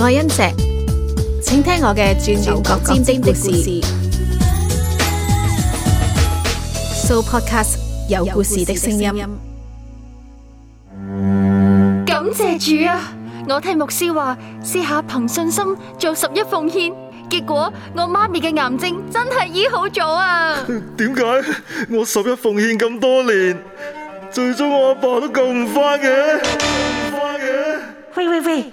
我係恩石，請聽我嘅轉轉角尖尖的故事。So podcast 有故事的聲音。感謝主啊！我聽牧師話，試下憑信心做十一奉獻，結果我媽咪嘅癌症真係醫好咗啊！點解我十一奉獻咁多年，最終我阿爸都救唔翻嘅？救唔翻嘅？喂喂喂！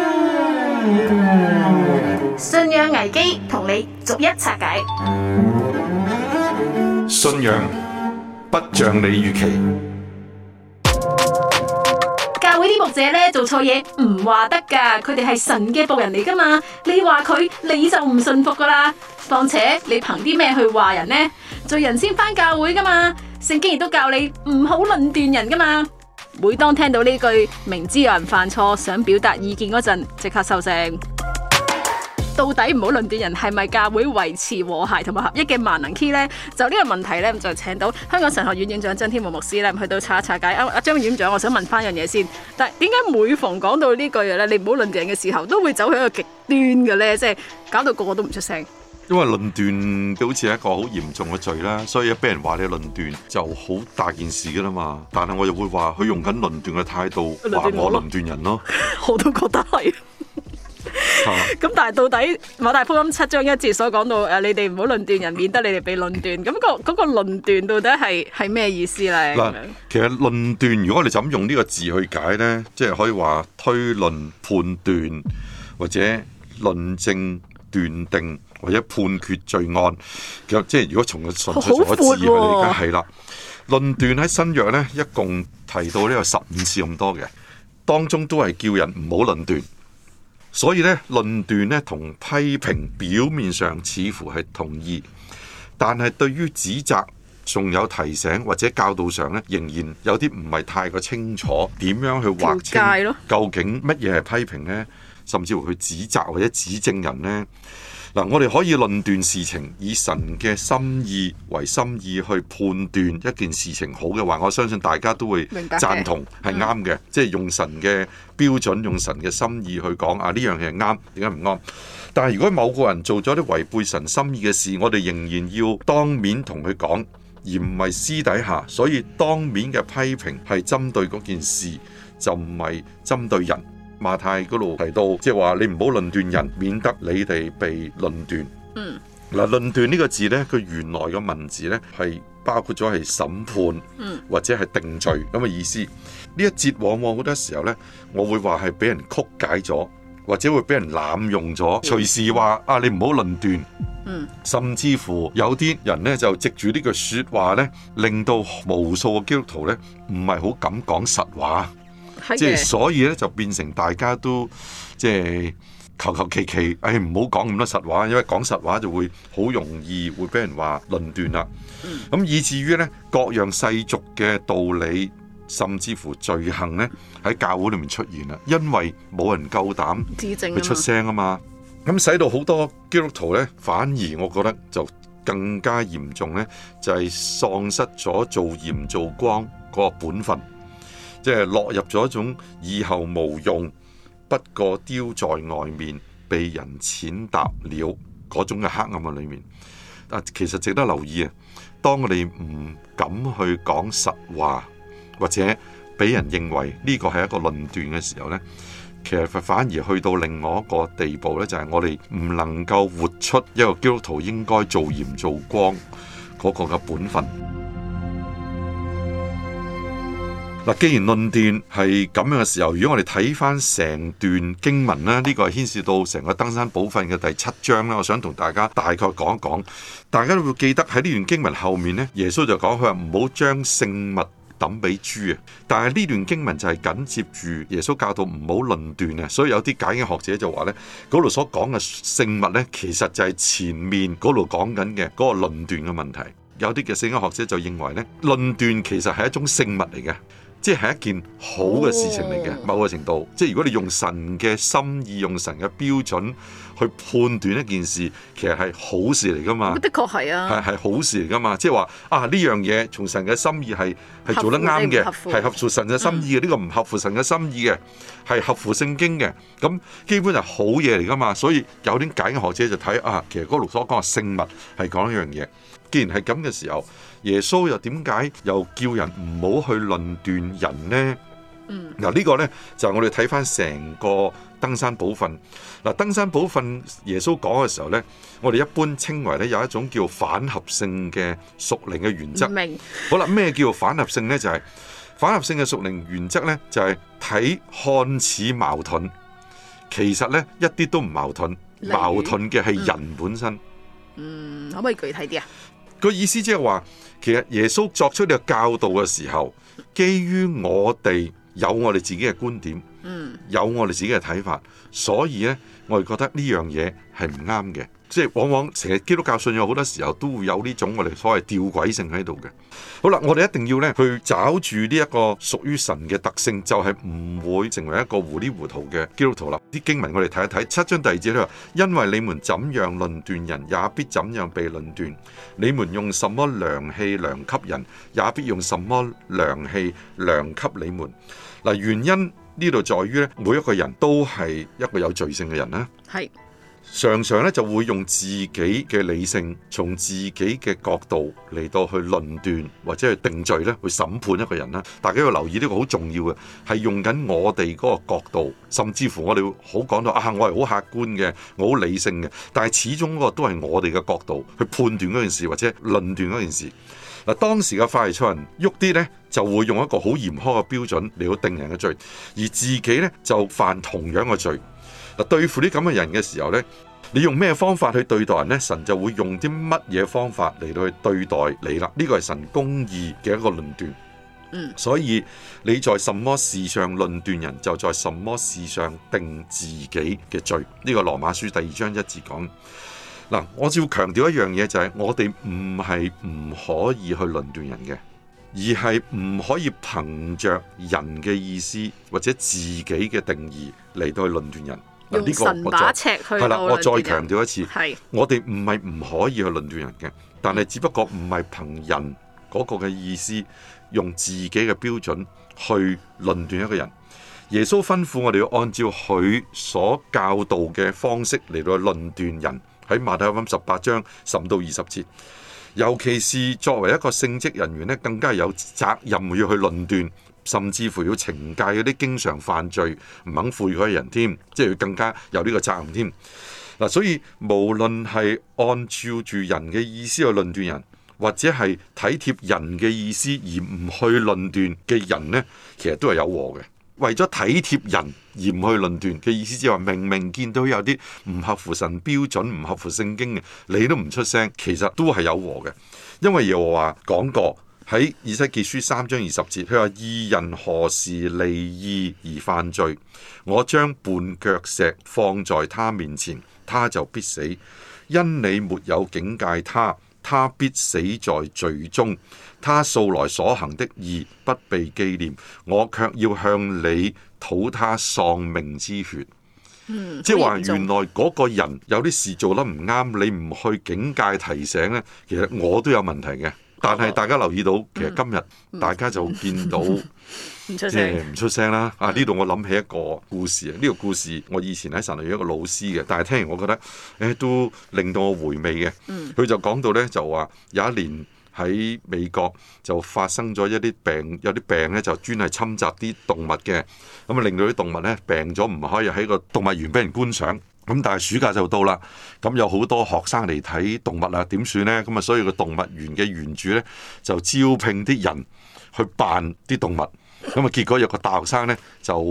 信仰危機同你逐一拆解。信仰不像你預期。教會啲牧者，咧做錯嘢唔話得噶，佢哋係神嘅僕人嚟噶嘛？你話佢，你就唔信服噶啦。況且你憑啲咩去話人呢？罪人先返教會噶嘛？聖經亦都教你唔好論斷人噶嘛。每當聽到呢句，明知有人犯錯想表達意見嗰陣，即刻收聲。到底唔好論斷人係咪教會維持和諧同埋合一嘅萬能 key 呢？就呢個問題呢，就請到香港神學院院長曾天和牧師呢去到查一查。解。阿、啊、張院長，我想問翻樣嘢先。但係點解每逢講到呢句咧，你唔好論斷人嘅時候，都會走喺個極端嘅呢？即、就、係、是、搞到個個都唔出聲。因為論斷好似係一個好嚴重嘅罪啦，所以一俾人話你論斷就好大件事噶啦嘛。但係我又會話佢用緊論斷嘅態度話我論斷人咯， 我都覺得係。咁、 啊、但係到底馬太福音七章一節所講到誒，你哋唔好論斷人， 免得你哋被論斷。咁、嗰個嗰、嗰個論斷到底係係咩意思咧？嗱，其實論斷如果你就咁用呢個字去解咧，即係可以話推論、判斷或者論證、斷定。或者判決罪案，即係如果從個純粹所指嚟講，係啦、哦，論斷喺新約咧，一共提到呢個十五次咁多嘅，當中都係叫人唔好論斷。所以咧，論斷咧同批評表面上似乎係同意，但係對於指責仲有提醒或者教導上咧，仍然有啲唔係太過清楚點樣去劃界咯。究竟乜嘢係批評咧？甚至乎去指責或者指證人咧？嗱、啊，我哋可以論斷事情，以神嘅心意為心意去判斷一件事情好嘅話，我相信大家都會贊同係啱嘅。即係用神嘅標準，用神嘅心意去講啊，呢樣嘢啱，點解唔啱？但係如果某個人做咗啲違背神心意嘅事，我哋仍然要當面同佢講，而唔係私底下。所以當面嘅批評係針對嗰件事，就唔係針對人。馬太嗰度提到，即係話你唔好論斷人，免得你哋被論斷。嗯，嗱，論斷呢個字呢，佢原來嘅文字呢，係包括咗係審判，嗯，或者係定罪咁嘅意思。呢一節往往好多時候呢，我會話係俾人曲解咗，或者會俾人濫用咗。嗯，隨時話啊，你唔好論斷。嗯，甚至乎有啲人呢，就藉住呢句說話呢，令到無數嘅基督徒呢，唔係好敢講實話。即係所以咧，就變成大家都即係求求其其，誒唔好講咁多實話，因為講實話就會好容易會俾人話論斷啦。咁、嗯、以至於咧，各樣世俗嘅道理，甚至乎罪行咧，喺教會裏面出現啦。因為冇人夠膽去出聲啊嘛。咁使到好多基督徒咧，反而我覺得就更加嚴重咧，就係、是、喪失咗做鹽做光嗰個本分。即係落入咗一種以後無用，不過丟在外面，被人踐踏了嗰種嘅黑暗嘅裏面。啊，其實值得留意啊！當我哋唔敢去講實話，或者俾人認為呢個係一個論斷嘅時候呢，其實反而去到另外一個地步。呢就係、是、我哋唔能夠活出一個基督徒應該做鹽做光嗰個嘅本分。嗱，既然論斷係咁樣嘅時候，如果我哋睇翻成段經文咧，呢個係牽涉到成個登山寶訓嘅第七章啦。我想同大家大概講一講，大家會記得喺呢段經文後面咧，耶穌就講佢話唔好將聖物抌俾豬啊。但係呢段經文就係緊接住耶穌教導唔好論斷啊。所以有啲解經學者就話呢，嗰度所講嘅聖物呢，其實就係前面嗰度講緊嘅嗰個論斷嘅問題。有啲嘅解經學者就認為呢，論斷其實係一種聖物嚟嘅。即係一件好嘅事情嚟嘅，Yeah. 某個程度。即係如果你用神嘅心意，用神嘅標準，去判斷一件事，其實係好事嚟噶嘛？的確係啊，係係好事嚟噶嘛？即係話啊，呢樣嘢從神嘅心意係係乎做得啱嘅，係合，合乎神嘅心意嘅。呢、嗯、個唔合乎神嘅心意嘅，係合乎聖經嘅。咁基本係好嘢嚟噶嘛？所以有啲解嘅學者就睇啊，其實嗰六所講嘅聖物係講一樣嘢。既然係咁嘅時候，耶穌又點解又叫人唔好去論斷人呢？嗱呢、嗯、個呢就係、是、我哋睇翻成個登山寶訓。嗱、嗯、登山寶訓耶穌講嘅時候呢，我哋一般稱為呢有一種叫反合性嘅屬靈嘅原則。明好啦，咩叫反合性呢？就係、是、反合性嘅屬靈原則呢，就係、是、睇看，看似矛盾，其實呢一啲都唔矛盾。矛盾嘅係人本身。嗯，嗯，可唔可以具體啲啊？個意思即係話，其實耶穌作出呢個教導嘅時候，基於我哋。有我哋自己嘅觀點，有我哋自己嘅睇法，所以咧，我哋覺得呢樣嘢係唔啱嘅。即係往往成日基督教信仰好多時候都會有呢種我哋所謂吊詭性喺度嘅。好啦，我哋一定要咧去找住呢一個屬於神嘅特性，就係唔會成為一個糊裏糊塗嘅基督徒啦。啲經文我哋睇一睇七章第二節咧，因為你們怎樣論斷人，也必怎樣被論斷；你們用什麼量器量給人，也必用什麼量器量給你們。嗱，原因呢度在於咧，每一個人都係一個有罪性嘅人啦。係。常常咧就會用自己嘅理性，從自己嘅角度嚟到去論斷或者去定罪咧，去審判一個人咧。大家要留意呢個好重要嘅，係用緊我哋嗰個角度，甚至乎我哋好講到啊，我係好客觀嘅，我好理性嘅。但係始終嗰個都係我哋嘅角度去判斷嗰件事或者論斷嗰件事。嗱，當時嘅法利賽人喐啲呢，就會用一個好嚴苛嘅標準嚟到定人嘅罪，而自己呢，就犯同樣嘅罪。嗱，對付啲咁嘅人嘅時候呢，你用咩方法去對待人呢？神就會用啲乜嘢方法嚟到去對待你啦。呢個係神公義嘅一個論斷。嗯，所以你在什麼事上論斷人，就在什麼事上定自己嘅罪。呢個《羅馬書》第二章一節講。嗱，我就要強調一樣嘢，就係我哋唔係唔可以去論斷人嘅，而係唔可以憑着人嘅意思或者自己嘅定義嚟到去論斷人。用神把尺去係啦，我再強調一次，的我哋唔係唔可以去論斷人嘅，但係只不過唔係憑人嗰個嘅意思，用自己嘅標準去論斷一個人。耶穌吩咐我哋要按照佢所教導嘅方式嚟到去論斷人，喺馬太福音十八章十到二十節，尤其是作為一個聖職人員咧，更加有責任要去論斷。甚至乎要懲戒嗰啲經常犯罪唔肯悔嗰啲人，添，即係要更加有呢個責任添。嗱、啊，所以無論係按照住人嘅意思去論斷人，或者係體貼人嘅意思而唔去論斷嘅人呢，其實都係有禍嘅。為咗體貼人而唔去論斷嘅意思，就係明明見到有啲唔合乎神標準、唔合乎聖經嘅，你都唔出聲，其實都係有禍嘅。因為又話講過。喺以西結書三章二十節，佢話：義人何時離義而犯罪？我將絆腳石放在他面前，他就必死。因你沒有警戒他，他必死在罪中。他素來所行的義不被記念，我卻要向你討他喪命之血。嗯、即係話原來嗰個人有啲事做得唔啱，你唔去警戒提醒咧，其實我都有問題嘅。但係大家留意到，其實今日大家就見到，即係唔出聲啦。啊，呢度我諗起一個故事啊。呢、嗯、個故事我以前喺神裏一個老師嘅，但係聽完我覺得，誒、欸、都令到我回味嘅。佢、嗯、就講到呢，就話有一年喺美國就發生咗一啲病，有啲病呢就專係侵襲啲動物嘅，咁啊令到啲動物呢病咗，唔可以喺個動物園俾人觀賞。咁但係暑假就到啦，咁有好多學生嚟睇動物啊，點算咧？咁啊，所以個動物園嘅園主咧就招聘啲人去扮啲動物。咁啊！結果有個大學生咧就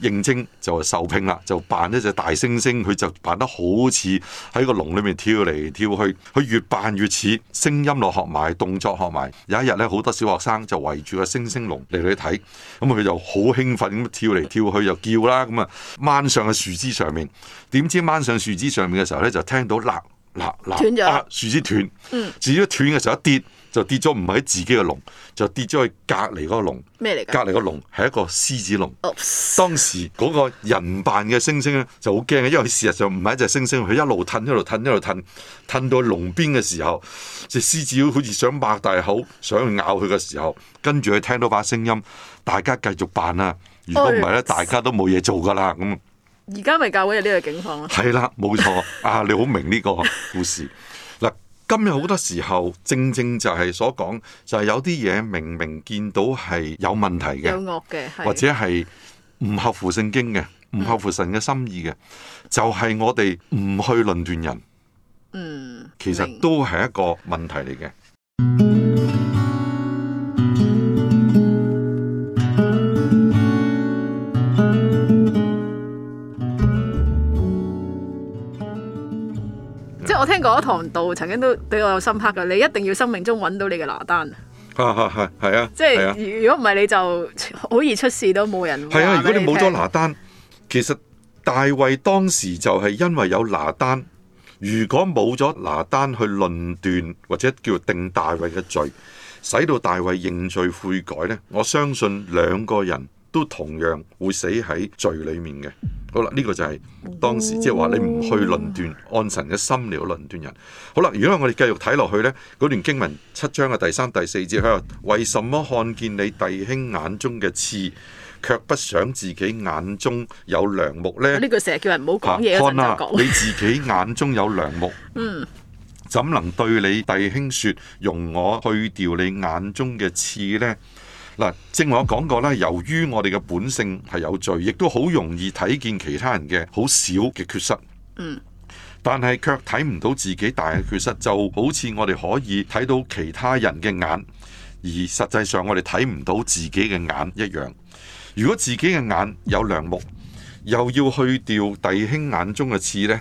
應徵就受聘啦，就扮一隻大猩猩，佢就扮得好似喺個籠裏面跳嚟跳去，佢越扮越似，聲音落學埋，動作學埋。有一日咧，好多小學生就圍住個猩猩籠嚟嚟睇，咁佢就好興奮咁跳嚟跳去就叫啦。咁啊，掹上個樹枝上面，點知掹上樹枝上面嘅時候咧就聽到嗱。斷咗、啊，樹枝斷，樹枝斷嘅時候一跌就跌咗唔喺自己嘅籠，就跌咗去隔離嗰個籠。咩嚟？隔離個籠係一個獅子籠。Oh. 當時嗰個人扮嘅猩猩咧就好驚嘅，因為事實上唔係一隻猩猩，佢一路褪一路褪一路褪，褪到去籠邊嘅時候，隻獅子好似想擘大口想咬佢嘅時候，跟住佢聽到把聲音，大家繼續扮啦、啊。如果唔係咧，大家都冇嘢做噶啦咁。而家咪教會有呢個情況咯，係啦，冇錯 啊，你好明呢個故事嗱。今日好多時候， 正正就係所講，就係、是、有啲嘢明明見到係有問題嘅，有惡嘅，是的，或者係唔合乎聖經嘅，唔合乎神嘅心意嘅，嗯、就係我哋唔去論斷人。嗯，其實都係一個問題嚟嘅。嗰堂道曾經都對我有深刻噶，你一定要生命中揾到你嘅拿單。係係係係啊，啊啊即係如果唔係你就好易出事都冇人。係啊，如果你冇咗拿單，其實大衛當時就係因為有拿單，如果冇咗拿單去論斷或者叫定大衛嘅罪，使到大衛認罪悔改呢，我相信兩個人。都同樣會死喺罪裡面嘅。好啦，呢、這個就係當時即係話你唔去論斷，按神嘅心嚟論斷人。好啦，如果我哋繼續睇落去呢，嗰段經文七章嘅第三、第四節佢話，為什麼看見你弟兄眼中嘅刺，卻不想自己眼中有良木呢？」呢句成日叫人唔好講嘢，看啊、我你自己眼中有良木，嗯，怎能對你弟兄説容我去掉你眼中嘅刺呢？」正話講過啦，由於我哋嘅本性係有罪，亦都好容易睇見其他人嘅好少嘅缺失，但係卻睇唔到自己大嘅缺失，就好似我哋可以睇到其他人嘅眼，而實際上我哋睇唔到自己嘅眼一樣。如果自己嘅眼有樑木，又要去掉弟兄眼中嘅刺呢？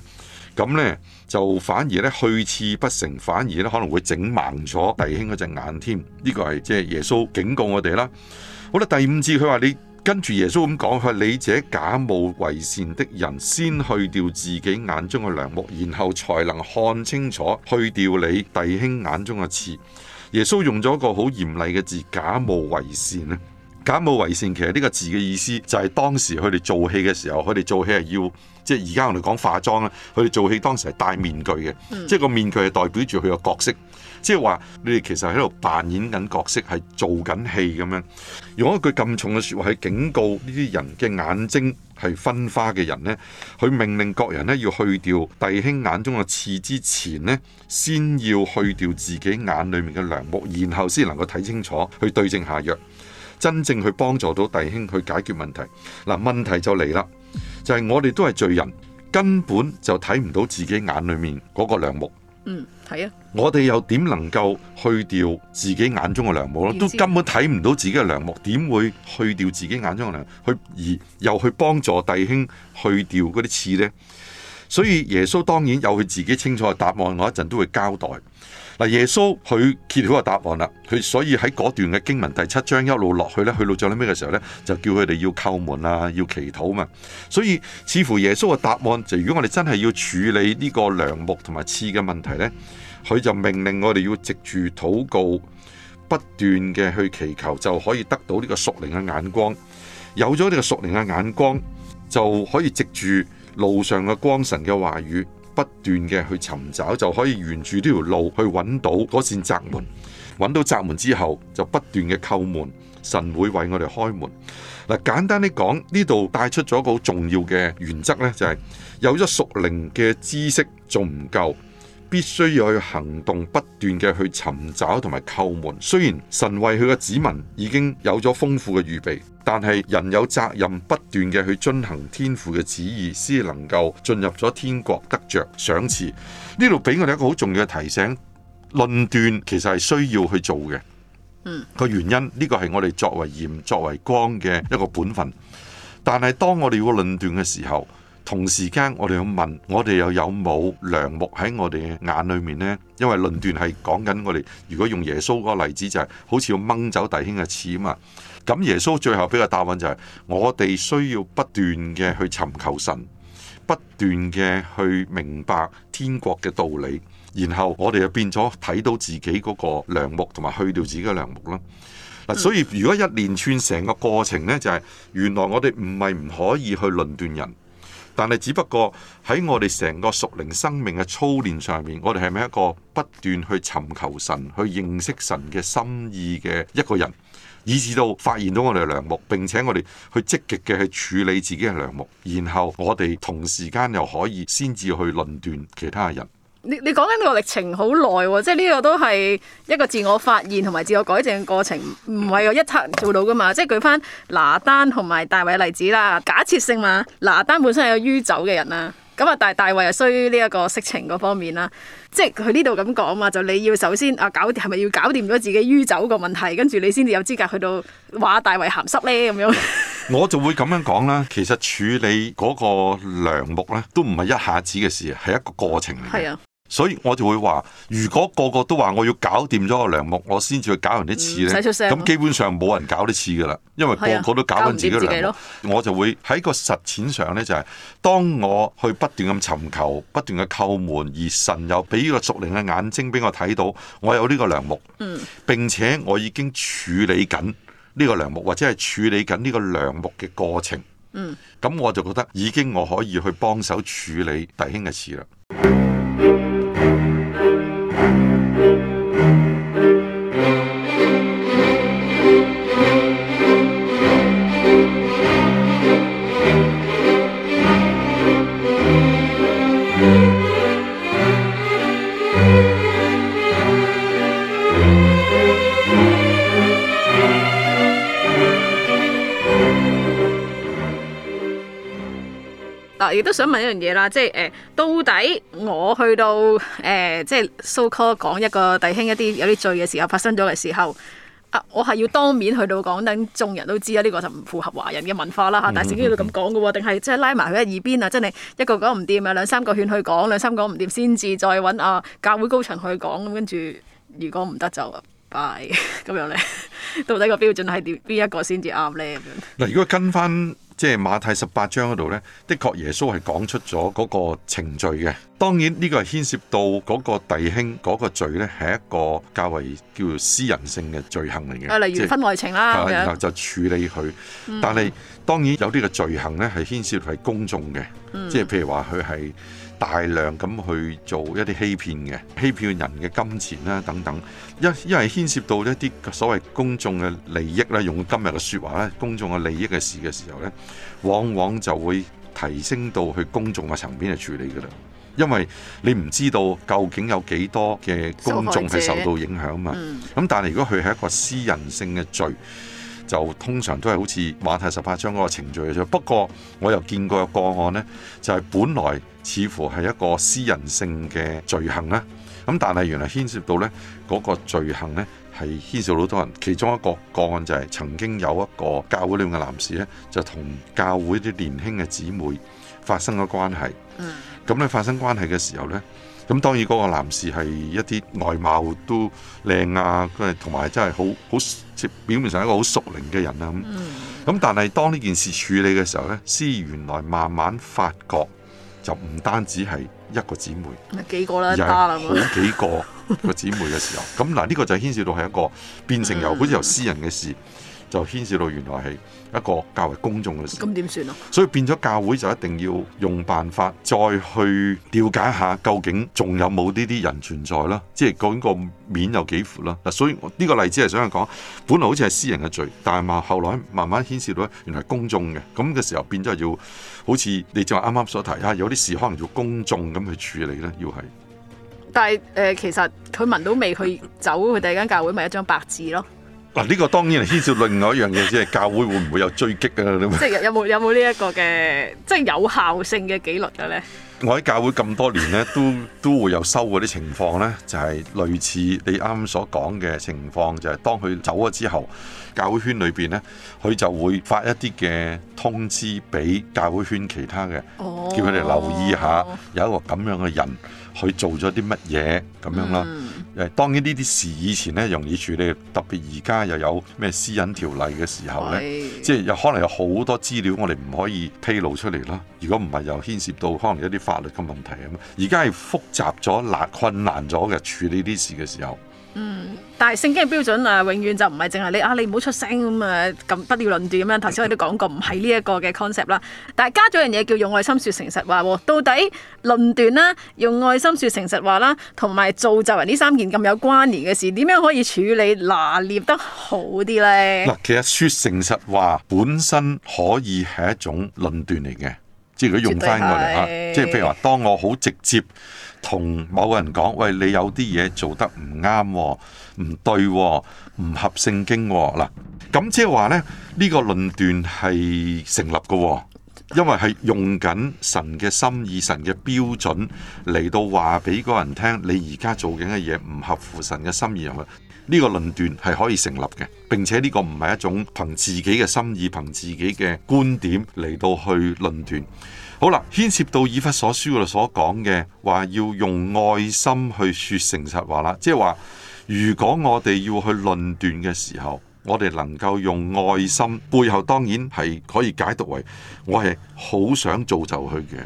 咁呢。就反而咧去刺不成，反而咧可能會整盲咗弟兄嗰隻眼添。呢、這個係即係耶穌警告我哋啦。好啦，第五次佢話，你跟住耶穌咁講，佢你者假冒為善的人，先去掉自己眼中嘅良木，然後才能看清楚去掉你弟兄眼中嘅刺。耶穌用咗一個好嚴厲嘅字，假冒為善。假冒為善其實呢個字嘅意思就係當時佢哋做戲嘅時候，佢哋做戲係要。即係而家我哋講化妝啦，佢哋做戲當時係戴面具嘅，嗯、即係個面具係代表住佢個角色，即係話你哋其實喺度扮演緊角色，係做緊戲咁樣。用一句咁重嘅說話去警告呢啲人嘅眼睛係昏花嘅人呢，佢命令各人呢，要去掉弟兄眼中嘅刺之前呢，先要去掉自己眼裏面嘅梁木，然後先能夠睇清楚，去對症下藥，真正去幫助到弟兄去解決問題。嗱、啊，問題就嚟啦。就係我哋都係罪人，根本就睇唔到自己眼裏面嗰個樑木。嗯，係啊。我哋又點能夠去掉自己眼中嘅樑木咧？都根本睇唔到自己嘅樑木，點會去掉自己眼中嘅樑木去而又去幫助弟兄去掉嗰啲刺呢？所以耶穌當然有佢自己清楚嘅答案，我一陣都會交代。嗱，耶穌佢揭曉個答案啦，佢所以喺嗰段嘅經文第七章一路落去咧，去到最後尾嘅時候咧，就叫佢哋要叩門啊，要祈禱嘛，所以似乎耶穌嘅答案就係，如果我哋真係要處理呢個梁木同埋刺嘅問題咧，佢就命令我哋要藉住禱告不斷嘅去祈求，就可以得到呢個屬靈嘅眼光，有咗呢個屬靈嘅眼光，就可以藉住路上嘅光神嘅話語。不斷嘅去尋找，就可以沿住呢條路去揾到嗰扇閘門。揾到閘門之後，就不斷嘅叩門，神會為我哋開門。嗱，簡單啲講，呢度帶出咗一個好重要嘅原則呢，就係、是、有咗屬靈嘅知識仲唔夠，必須要去行動，不斷嘅去尋找同埋叩門。雖然神為佢嘅子民已經有咗豐富嘅預備。但係人有責任不斷嘅去遵行天父嘅旨意，先能夠進入咗天國得着賞賜。呢度俾我哋一個好重要嘅提醒：論斷其實係需要去做嘅。嗯，個原因呢個係我哋作為鹽、作為光嘅一個本分。但係當我哋要論斷嘅時候，同時間我哋要問：我哋又有冇樑木喺我哋眼裏面呢？因為論斷係講緊我哋。如果用耶穌嗰個例子就係好似要掹走弟兄嘅刺啊嘛。咁耶穌最後俾個答案就係：我哋需要不斷嘅去尋求神，不斷嘅去明白天國嘅道理，然後我哋就變咗睇到自己嗰個樑木，同埋去掉自己嘅樑木啦。所以如果一連串成個過程呢，就係原來我哋唔係唔可以去論斷人，但係只不過喺我哋成個屬靈生命嘅操練上面，我哋係咪一個不斷去尋求神、去認識神嘅心意嘅一個人？以至到發現到我哋嘅梁木，並且我哋去積極嘅去處理自己嘅梁木。然後我哋同時間又可以先至去論斷其他人。你你講緊個歷程好耐喎，即係呢個都係一個自我發現同埋自我改正嘅過程，唔係由一餐做到噶嘛。即係舉翻拿單同埋大衛嘅例子啦，假設性嘛，拿單本身係有酗酒嘅人啊。咁啊，大大衛啊，衰於呢一個色情嗰方面啦，即係佢呢度咁講啊嘛，就你要首先啊搞掂，係咪要搞掂咗自己酗酒個問題，跟住你先至有資格去到話大衛鹹濕呢？咁樣。 我就會咁樣講啦，其實處理嗰個梁木呢，都唔係一下子嘅事啊，係一個過程嚟。所以我就會話，如果個個都話我要搞掂咗個梁木，我先至去搞人啲刺呢，咁基本上冇人搞啲刺噶啦，因為個個，個都搞緊自己嘅梁木。啊、我就會喺個實踐上呢，就係、是、當我去不斷咁尋求、不斷嘅叩門，而神又俾呢個屬靈嘅眼睛俾我睇到，我有呢個梁木，嗯、並且我已經處理緊呢個梁木，或者係處理緊呢個梁木嘅過程。嗯，咁我就覺得已經我可以去幫手處理弟兄嘅刺啦。亦都想問一樣嘢啦，即係誒到底我去到誒、欸、即係 so call 講一個弟兄一啲有啲罪嘅時候發生咗嘅時候，啊我係要當面去到講，等眾人都知啦，呢、呢個就唔符合華人嘅文化啦嚇。但係聖經都咁講嘅喎，定係即係拉埋佢喺耳邊啊，真係一個講唔掂啊，兩三個勸去講，兩三個唔掂先至再揾啊教會高層去講，咁跟住如果唔得就拜咁樣咧。到底個標準係點？邊一個先至啱咧？嗱，如果跟翻。即係馬太十八章嗰度呢，的確耶穌係講出咗嗰個程序嘅。當然呢個係牽涉到嗰個弟兄嗰個罪呢係一個較為叫做私人性嘅罪行嚟嘅。例如婚外情啦，然後就處理佢。但係當然有啲嘅罪行呢係牽涉係公眾嘅，即係譬如話佢係。大量咁去做一啲欺騙嘅欺騙人嘅金錢啦等等，因為牽涉到一啲所謂公眾嘅利益啦，用今日嘅說話咧，公眾嘅利益嘅事嘅時候咧，往往就會提升到去公眾嘅層面去處理嘅啦。因為你唔知道究竟有幾多嘅公眾係受到影響嘛。咁、嗯、但係，如果佢係一個私人性嘅罪，就通常都係好似《馬太十八章》嗰個程序嘅啫。不過我又見過的個案咧，就係、是、本來。似乎係一個私人性嘅罪行啦。咁但係原來牽涉到呢嗰個罪行呢，係牽涉到好多人。其中一個個案就係曾經有一個教會裏面嘅男士呢，就同教會啲年輕嘅姊妹發生咗關係。嗯，咁咧發生關係嘅時候呢，咁當然嗰個男士係一啲外貌都靚啊，佢係同埋真係好好表面上一個好熟齡嘅人啊。咁咁，但係當呢件事處理嘅時候呢，司原來慢慢發覺。就唔單止係一個姊妹，幾個啦，有好幾個個姊妹嘅時候，咁嗱，呢個就牽涉到係一個變成由好似由私人嘅事。就牽涉到原來係一個較為公眾嘅事，咁點算啊？所以變咗教會就一定要用辦法再去調解下，究竟仲有冇呢啲人存在啦？即係究竟個面有幾闊啦？嗱，所以我呢個例子係想講，本來好似係私人嘅罪，但係嘛，後來慢慢牽涉到原來係公眾嘅，咁嘅時候變咗係要好似你就啱啱所提嚇，有啲事可能要公眾咁去處理咧，要係。但係誒，其實佢聞到未？佢走，佢第一間教會咪一張白紙咯。嗱，呢個當然係牽涉另外一樣嘢，即係教會會唔會有追擊啊？咁 即係有冇有冇呢一個嘅即係有效性嘅紀律嘅、啊、咧？我喺教會咁多年咧，都都會有收嗰啲情況咧，就係、是、類似你啱啱所講嘅情況，就係、是、當佢走咗之後，教會圈裏邊咧，佢就會發一啲嘅通知俾教會圈其他嘅，哦，叫佢哋留意一下有一個咁樣嘅人去做咗啲乜嘢咁樣啦。嗯當當然，呢啲事以前容易處理，特別而家又有咩私隱條例嘅時候，的即係可能有好多資料我哋唔可以披露出來。如果唔係，又牽涉到可能一啲法律嘅問題，而家係複雜咗、困難咗嘅處理啲事嘅時候。嗯，但係聖經嘅標準啊，永遠就唔係淨係你啊，你唔好出聲咁啊，咁不要論斷咁樣。頭先我哋都講過，唔係呢一個嘅 concept 啦。但係加咗樣嘢叫用愛心說誠實話，到底論斷啦，用愛心說誠實話啦，啊，同埋做就人呢三件咁有關聯嘅事，點樣可以處理拿捏得好啲咧？嗱，其實說誠實話本身可以係一種論斷嚟嘅，即係如果用翻我嚟吓，即係譬如話當我好直接。同某人講：喂，你有啲嘢做得唔啱喎，唔對喎，唔合聖經喎。嗱。咁即係話呢，呢個論斷係成立嘅喎，因為係用緊神嘅心意、神嘅標準嚟到話俾嗰人聽，你而家做緊嘅嘢唔合乎神嘅心意啊。呢個論斷係可以成立嘅，並且呢個唔係一種憑自己嘅心意、憑自己嘅觀點嚟到去論斷。好啦，牽涉到以弗所書嗰度所講嘅話，要用愛心去説誠實話啦。即係話，如果我哋要去論斷嘅時候，我哋能夠用愛心，背後當然係可以解讀為我係好想造就佢嘅，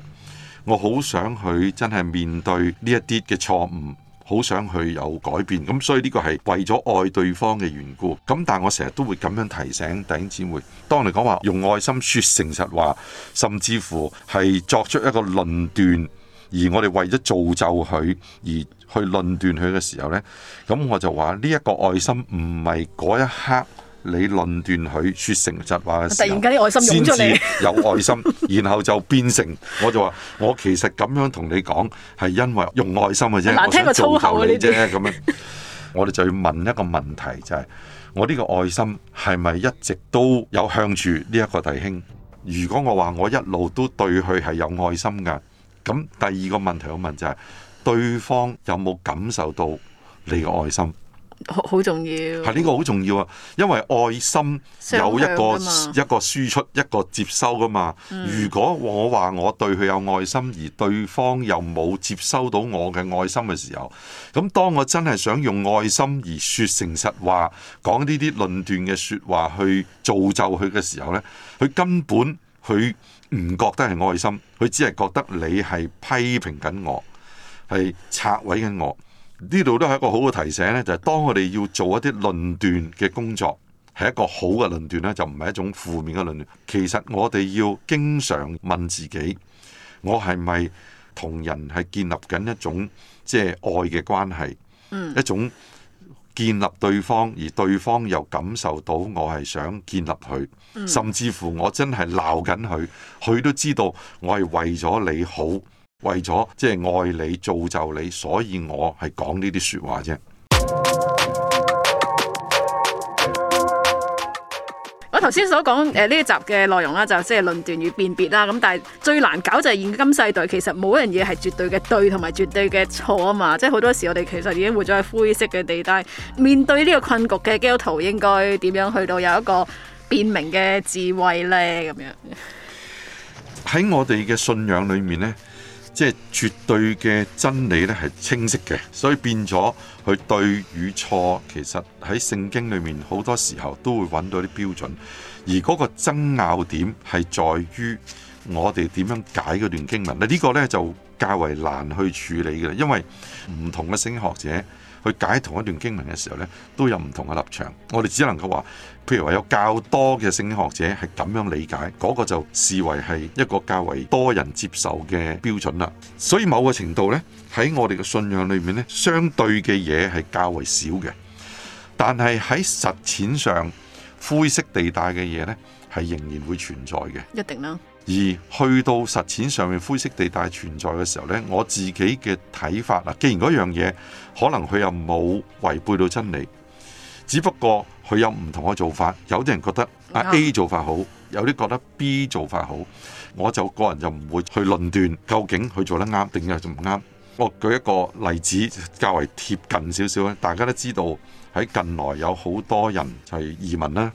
我好想佢真係面對呢一啲嘅錯誤。好想去有改變，咁所以呢個係為咗愛對方嘅緣故。咁但我成日都會咁樣提醒弟姊妹。當你講話用愛心説誠實話，甚至乎係作出一個論斷，而我哋為咗造就佢而去論斷佢嘅時候呢，咁我就話呢一個愛心唔係嗰一刻。你論斷佢說誠實話突然間啲愛心湧出嚟，有愛心，然後就變成，我就話我其實咁樣同你講係因為用愛心嘅啫，難聽個粗口嘅啫咁樣。我哋就要問一個問題就係，我呢個愛心係咪一直都有向住呢一個弟兄？如果我話我一路都對佢係有愛心嘅，咁第二個問題我問就係，對方有冇感受到你嘅愛心？好重要係呢、這個好重要啊！因為愛心有一個一個輸出一個接收㗎嘛。嗯、如果我話我對佢有愛心，而對方又冇接收到我嘅愛心嘅時候，咁當我真係想用愛心而說誠實話，講呢啲論斷嘅說話去造就佢嘅時候呢，佢根本佢唔覺得係愛心，佢只係覺得你係批評緊我，係拆毀緊我。呢度都係一個好嘅提醒咧，就係、是、當我哋要做一啲論斷嘅工作，係一個好嘅論斷咧，就唔係一種負面嘅論斷。其實我哋要經常問自己，我係咪同人係建立緊一種即係、就是、愛嘅關係，嗯、一種建立對方，而對方又感受到我係想建立佢，甚至乎我真係鬧緊佢，佢都知道我係為咗你好。為咗即係愛你造就你，所以我係講呢啲說話啫。我頭先所講誒呢集嘅內容啦，就即係論斷與辨別啦。咁但係最難搞就係現今世代其實冇一樣嘢係絕對嘅對同埋絕對嘅錯啊嘛。即係好多時我哋其實已經活咗喺灰色嘅地帶，面對呢個困局嘅基督徒，應該點樣去到有一個辨明嘅智慧呢？咁樣喺我哋嘅信仰裏面呢。即係絕對嘅真理咧，係清晰嘅，所以變咗佢對與錯其實喺聖經裏面好多時候都會揾到啲標準，而嗰個爭拗點係在於我哋點樣解嗰段經文，呢、呢個呢就較為難去處理嘅，因為唔同嘅聖經學者。去解同一段經文嘅時候呢，都有唔同嘅立場。我哋只能夠話，譬如話有較多嘅聖經學者係咁樣理解，嗰個就視為係一個較為多人接受嘅標準啦。所以某個程度呢，喺我哋嘅信仰裏面呢，相對嘅嘢係較為少嘅，但係喺實踐上灰色地帶嘅嘢呢，係仍然會存在嘅。一定啦。而去到實踐上面灰色地帶存在嘅時候呢，我自己嘅睇法啊，既然嗰樣嘢可能佢又冇違背到真理，只不過佢有唔同嘅做法，有啲人覺得啊 A 做法好，有啲覺得 B 做法好，我就個人就唔會去論斷究竟佢做得啱定係唔啱。我舉一個例子較為貼近少少咧，大家都知道喺近來有好多人就係移民啦，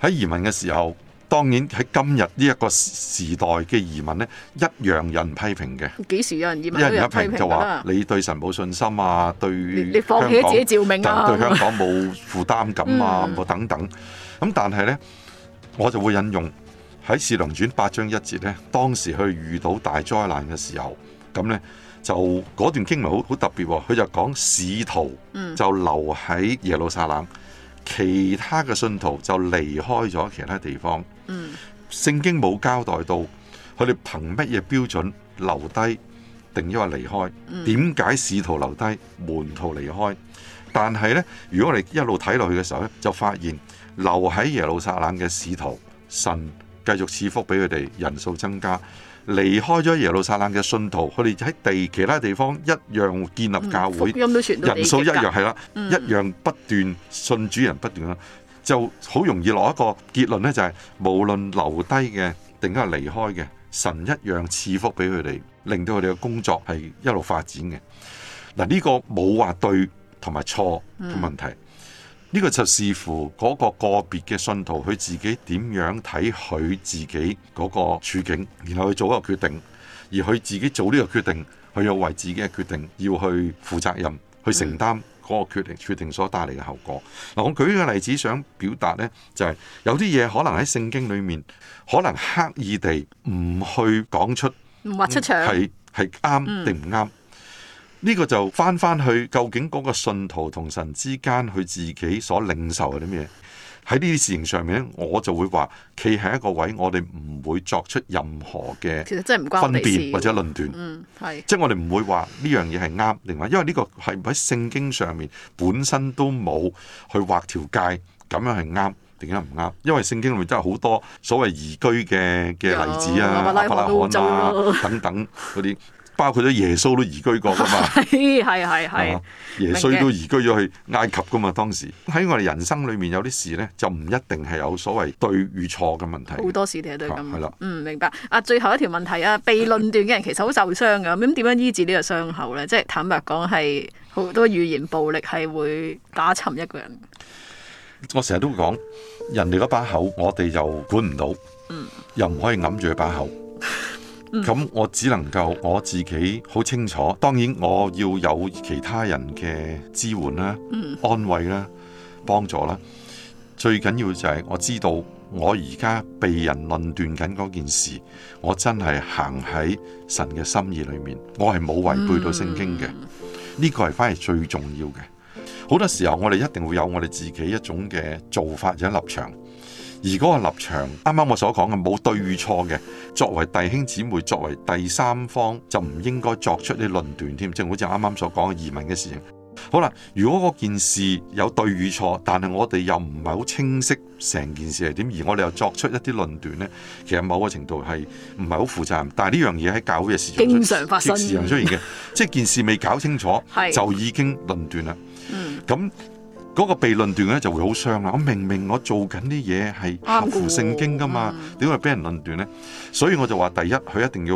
喺移民嘅時候。當然喺今日呢一個時代嘅移民咧，一樣有人批評嘅。幾時有人，有人批評一人一就話說：啊、你對神冇信心啊！對香港對香港冇負擔感啊！嗯、等等咁。但係呢，我就會引用喺《使徒行傳》八章一節呢，當時佢遇到大災難嘅時候，咁呢，就嗰段經文好好特別、啊。佢就講使徒就留喺耶路撒冷，嗯、其他嘅信徒就離開咗其他地方。聖經冇交代到，佢哋憑乜嘢標準留低，定抑或離開？點解使徒留低，門徒離開？但係呢，如果我哋一路睇落去嘅時候呢，就發現留喺耶路撒冷嘅使徒，神繼續賜福俾佢哋，人數增加；離開咗耶路撒冷嘅信徒，佢哋喺地其他地方一樣建立教會，人數一樣係啦，一樣不斷信主人，不斷啦。就好容易攞一個結論咧、就是，就係無論留低嘅定，一係離開嘅，神一樣賜福俾佢哋，令到佢哋嘅工作係一路發展嘅。嗱、啊，呢、這個冇話對同埋錯嘅問題，呢、嗯、個就視乎嗰個個別嘅信徒，佢自己點樣睇佢自己嗰個處境，然後去做一個決定，而佢自己做呢個決定，佢又為自己嘅決定要去負責任，去承擔。嗯嗰個決定，決定所帶嚟嘅後果，嗱，我舉一個例子想表達呢，就係有啲嘢可能喺聖經裡面可能刻意地唔去講出，唔話出場，係係啱定唔啱？呢個就返返去究竟嗰個信徒同神之間，佢自己所領受啲咩？喺呢啲事情上面咧，我就會話企喺一個位，我哋唔會作出任何嘅分別或者論斷。即係我哋唔、嗯、會話呢樣嘢係啱，另外因為呢個係喺聖經上面本身都冇去畫條界，咁樣係啱點解唔啱？因為聖經裡面真係好多所謂移居嘅嘅例子啊，亞伯拉罕啊等等嗰啲。包括咗耶穌都移居過噶嘛？係係係，係耶穌都移居咗去埃及噶嘛？當時喺我哋人生裏面有啲事咧，就唔一定係有所謂對與錯嘅問題。好多事都係咁。係啦，嗯，明白。啊，最後一條問題啊，被論斷嘅人其實好受傷噶，咁點樣醫治呢個傷口咧？即係坦白講，係好多語言暴力係會打沉一個人。我成日都會講，人哋嗰把口，我哋就管唔到，嗯，又唔可以揞住佢把口。咁、嗯、我只能夠我自己好清楚，當然我要有其他人嘅支援啦、啊、嗯、安慰啦、啊、幫助啦、啊。最緊要就係我知道我而家被人論斷緊嗰件事，我真係行喺神嘅心意裏面，我係冇違背到聖經嘅。呢、嗯、個係反而是最重要嘅。好多時候我哋一定會有我哋自己一種嘅做法、一種立場。而嗰個立場，啱啱我所講嘅冇對與錯嘅，作為弟兄姊妹，作為第三方就唔應該作出啲論斷添。正好似啱啱所講嘅移民嘅事情，好啦。如果嗰件事有對與錯，但係我哋又唔係好清晰成件事係點，而我哋又作出一啲論斷呢，其實某個程度係唔係好負責任。但係呢樣嘢喺教會嘅市場上，經常發生，經常出現嘅， 即係件事未搞清楚 是就已經論斷啦。嗯，咁。嗰個被論斷咧就會好傷啦！我明明我做緊啲嘢係合乎聖經噶嘛，點解俾人論斷呢？所以我就話：第一，佢一定要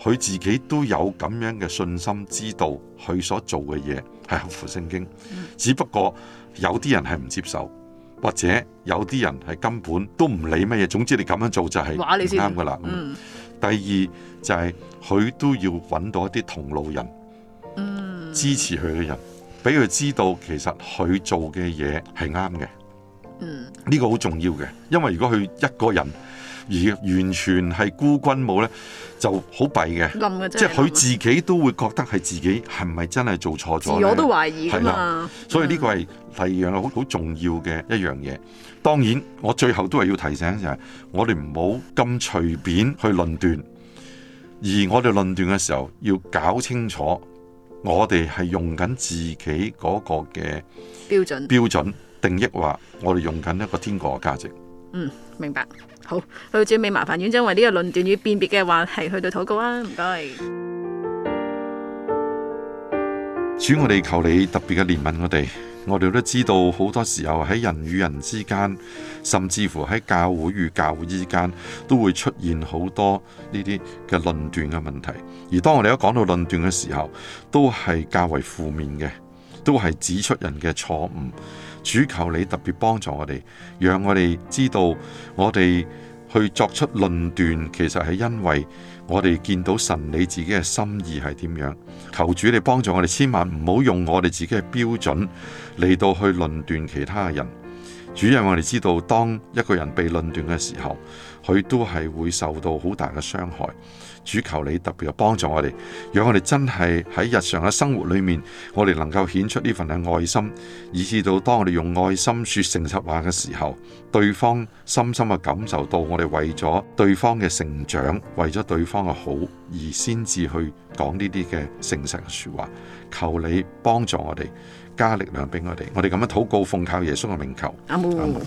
佢自己都有咁樣嘅信心，知道佢所做嘅嘢係合乎聖經。嗯。只不過有啲人係唔接受，或者有啲人係根本都唔理乜嘢。總之你咁樣做就係唔啱噶啦。嗯。第二就係、是、佢都要揾到一啲同路人，支持佢嘅人。俾佢知道，其實佢做嘅嘢係啱嘅。嗯，呢個好重要嘅，因為如果佢一個人而完全係孤軍武呢，就好弊嘅。了即係佢自己都會覺得係自己係唔係真係做錯咗？我都懷疑係啦。的嗯、所以呢個係第二樣好好重要嘅一樣嘢。當然，我最後都係要提醒就係，我哋唔好咁隨便去論斷，而我哋論斷嘅時候要搞清楚。我哋係用緊自己嗰個嘅標準標準定義，話我哋用緊一個天國嘅價值。嗯，明白。好，去到最尾麻煩院長為呢個論斷與辨別嘅話題去到禱告啊！唔該。主，我哋求你特別嘅憐憫我哋。我哋都知道，好多時候喺人與人之間，甚至乎喺教會與教會之間，都會出現好多呢啲嘅論斷嘅問題。而當我哋一講到論斷嘅時候，都係較為負面嘅，都係指出人嘅錯誤。主求你特別幫助我哋，讓我哋知道我哋去作出論斷，其實係因為。我哋見到神你自己嘅心意係點樣？求主你幫助我哋，千萬唔好用我哋自己嘅標準嚟到去論斷其他人。主啊，我哋知道，當一個人被論斷嘅時候，佢都係會受到好大嘅傷害。主求你特別嘅幫助我哋，讓我哋真係喺日常嘅生活裏面，我哋能夠顯出呢份嘅愛心，以至到當我哋用愛心說誠實話嘅時候，對方深深嘅感受到我哋為咗對方嘅成長，為咗對方嘅好而先至去講呢啲嘅誠實嘅說話。求你幫助我哋，加力量俾我哋。我哋咁樣禱告，奉靠耶穌嘅名求。阿們。